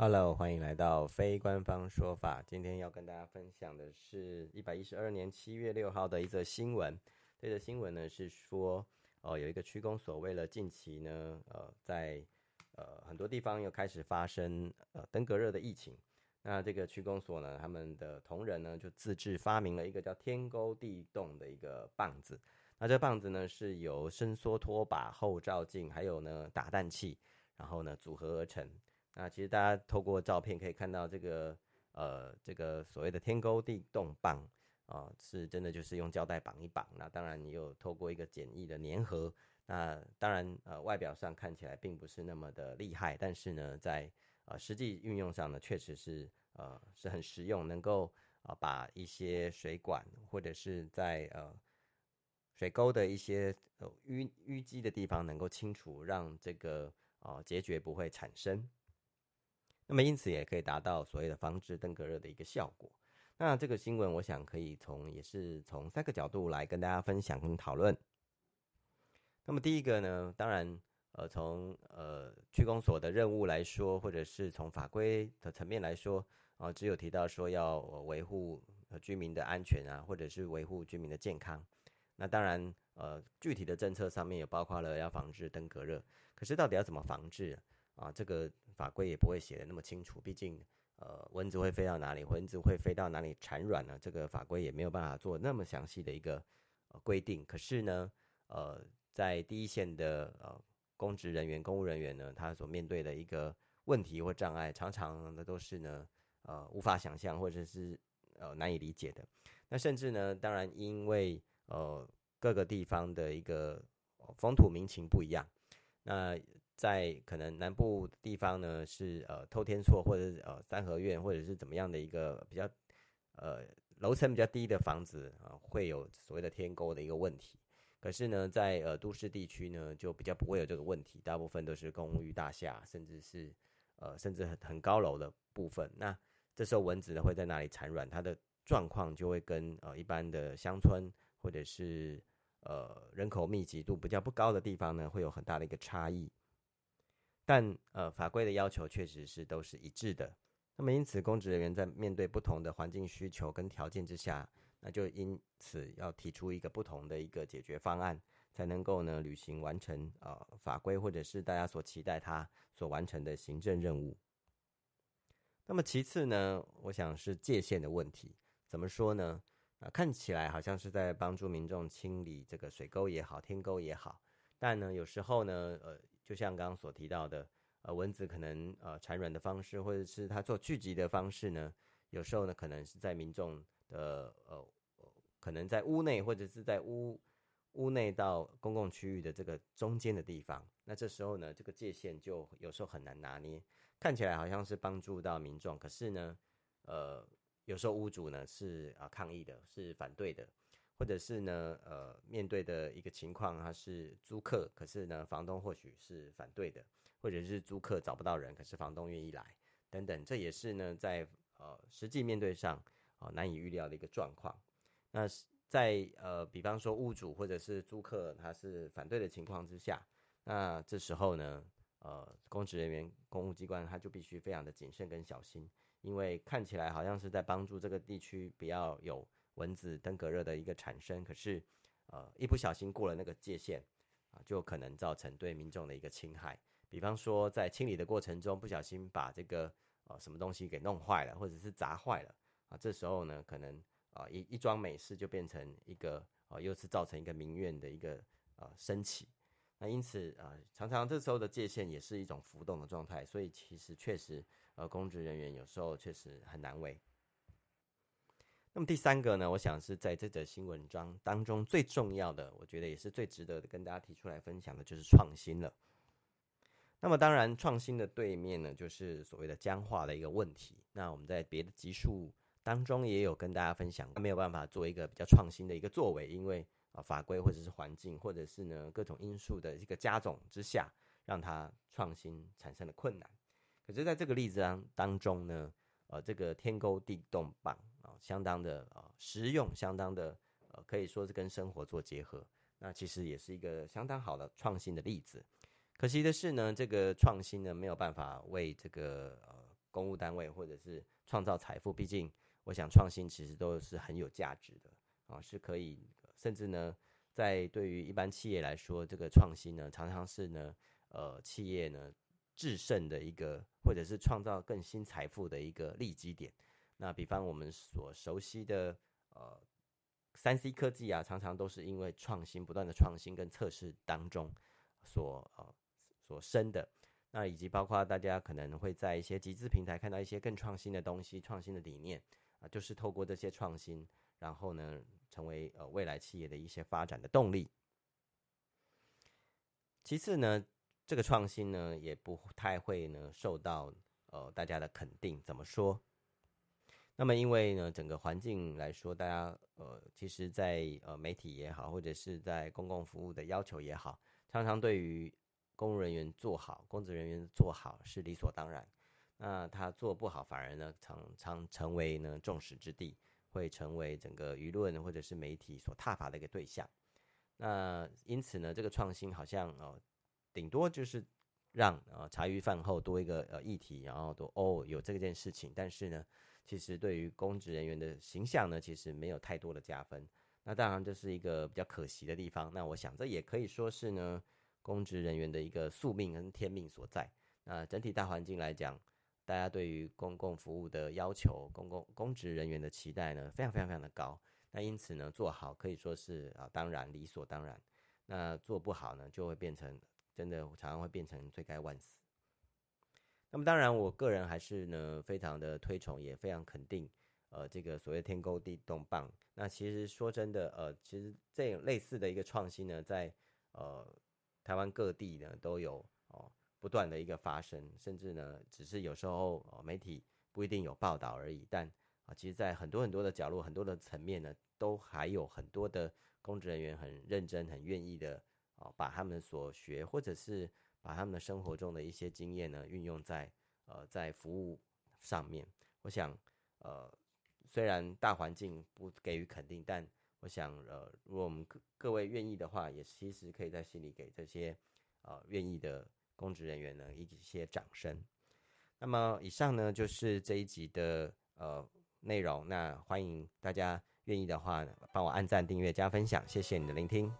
Hello，歡迎來到非官方說法。今天要跟大家分享的是，一百一十二年七月六號的一則新聞。這則新聞呢是說，呃，有一個區公所為了近期呢，呃，在呃很多地方又開始發生呃登革熱的疫情。那這個區公所呢，他們的同仁呢就自製發明了一個叫“天溝地洞”的一個棒子。那這棒子呢是由伸縮拖把、後照鏡，還有呢打蛋器，然後呢組合而成。那其實大家透過照片可以看到，這個呃，這個所謂的天溝地洞棒啊、呃，是真的就是用膠帶綁一綁。那當然，你有透過一個簡易的粘合。那當然，呃，外表上看起來並不是那麼的厲害，但是呢，在呃實際運用上呢，確實是呃是很實用，能夠啊、呃、把一些水管或者是在呃水溝的一些、呃、淤淤積的地方能夠清除，讓這個呃孑孓不會產生。那麼，因此也可以達到所謂的防治登革熱的一個效果。那這個新聞，我想可以從也是從三個角度來跟大家分享跟討論。那麼第一個呢，當然，呃，從呃區公所的任務來說，或者是從法規的層面來說，啊、呃，只有提到說要、呃、維護居民的安全啊，或者是維護居民的健康。那當然，呃，具體的政策上面也包括了要防治登革熱，可是到底要怎麼防治、啊？啊，這個法規也不會寫得那麼清楚，畢竟，呃，蚊子會飛到哪裡，蚊子會飛到哪裡產卵呢？這個法規也沒有辦法做那麼詳細的一個，呃，規定。可是呢，呃，在第一線的呃公職人員、公務人員呢，他所面對的一個問題或障礙，常常的都是呢，呃，無法想象或者是呃難以理解的。那甚至呢，當然因為呃各個地方的一個風土民情不一樣，那，在可能南部的地方呢，是呃透天厝、或者呃三合院，或者是怎麼樣的一個比較呃樓層比較低的房子啊，呃，會有所謂的天溝的一個問題。可是呢，在呃都市地區呢，就比較不會有這個問題，大部分都是公寓大廈，甚至是呃甚至很很高樓的部分。那這時候蚊子呢會在哪裡產卵？它的狀況就會跟呃一般的鄉村或者是呃人口密集度比較不高的地方呢，會有很大的一個差異。但呃，法規的要求確實是都是一致的。那麼，因此公職人員在面對不同的環境需求跟條件之下，那就因此要提出一個不同的一個解決方案，才能夠呢履行完成，呃，法規或者是大家所期待他所完成的行政任務。那麼其次呢，我想是界限的問題。怎麼說呢？啊、呃，看起來好像是在幫助民眾清理這個水溝也好，天溝也好，但呢，有時候呢，呃。就像剛剛所提到的，呃，蚊子可能呃產卵的方式，或者是它做聚集的方式呢，有時候呢可能是在民眾的呃，可能在屋內，或者是在屋屋內到公共區域的這個中間的地方。那這時候呢，這個界限就有時候很難拿捏。看起來好像是幫助到民眾，可是呢，呃，有時候屋主呢是啊、呃、抗議的，是反對的。或者是呢，呃，面對的一個情況，他是租客，可是呢，房東或許是反對的，或者是租客找不到人，可是房東願意來，等等，這也是呢，在呃實際面對上啊、呃、難以預料的一個狀況。那在呃，比方說屋主或者是租客他是反對的情況之下，那這時候呢，呃，公職人員、公務機關他就必須非常的謹慎跟小心，因為看起來好像是在幫助這個地區比較有。蚊子登革熱的一個產生，可是，呃，一不小心過了那個界限啊、呃，就可能造成對民眾的一個侵害。比方說，在清理的過程中不小心把這個呃什麼東西給弄壞了，或者是砸壞了啊、呃，這時候呢，可能啊、呃、一一樁美事就變成一個啊、呃，又是造成一個民怨的一個啊、呃、升起。那因此啊、呃，常常這時候的界限也是一種浮動的狀態，所以其實確實呃，公職人員有時候確實很難為。那麼第三個呢，我想是在這則新聞中當中最重要的，我覺得也是最值得跟大家提出來分享的，就是創新了。那麼當然，創新的對面呢，就是所謂的僵化的一個問題。那我們在別的集數當中也有跟大家分享，沒有辦法做一個比較創新的一個作為，因為啊法規或者是環境或者是呢各種因素的一個加總之下，讓它創新產生了困難。可是，在這個例子當當中呢，呃，這個天溝地洞棒，相當的啊實用，相當的呃可以說是跟生活做結合，那其實也是一個相當好的創新的例子。可惜的是呢，這個創新呢沒有辦法為這個呃公務單位或者是創造財富，畢竟我想創新其實都是很有價值的啊，呃，是可以甚至呢在對於一般企業來說，這個創新呢常常是呢呃企業呢制勝的一個或者是創造更新財富的一個利基點。那比方我們所熟悉的呃三 C 科技啊，常常都是因為創新，不斷的創新跟測試當中所呃所生的。那以及包括大家可能會在一些集資平台看到一些更創新的東西、創新的理念啊、呃，就是透過這些創新，然後呢成為呃未來企業的一些發展的動力。其次呢，這個創新呢也不太會呢受到呃大家的肯定。怎麼說？那麼，因為呢，整個環境來說，大家呃，其實在，在呃媒體也好，或者是在公共服務的要求也好，常常對於公務人員做好、公職人員做好是理所當然。那他做不好，反而呢，常常成為呢眾矢之的，會成為整個輿論或者是媒體所撻伐的一個對象。那因此呢，這個創新好像哦、呃，頂多就是讓、呃、茶餘飯後多一個呃議題，然後都哦有這件事情，但是呢。其實對於公職人員的形象呢，其實沒有太多的加分。那當然這是一個比較可惜的地方。那我想這也可以說是呢，公職人員的一個宿命跟天命所在。那整體大環境來講，大家對於公共服務的要求、公共公職人員的期待呢，非常非常非常的高。那因此呢，做好可以說是啊，當然理所當然。那做不好呢，就會變成真的常常會變成罪該萬死。那麼當然，我個人還是呢，非常的推崇，也非常肯定，呃，這個所謂“天溝地動棒”。那其實說真的，呃，其實這類似的一個創新呢，在呃台灣各地呢都有哦不斷的一個發生，甚至呢，只是有時候、哦、媒體不一定有報道而已。但啊、哦，其實，在很多很多的角落、很多的層面呢，都還有很多的公職人員很認真、很願意的啊、哦，把他們所學或者是。把他們的生活中的一些經驗呢，運用在呃，在服務上面。我想，呃，雖然大環境不給予肯定，但我想，呃，如果我們各各位願意的話，也其實可以在心裡給這些，呃，願意的公職人員呢一些掌聲。那麼，以上呢就是這一集的呃內容。那歡迎大家願意的話，幫我按讚、訂閱、加分享，謝謝你的聆聽。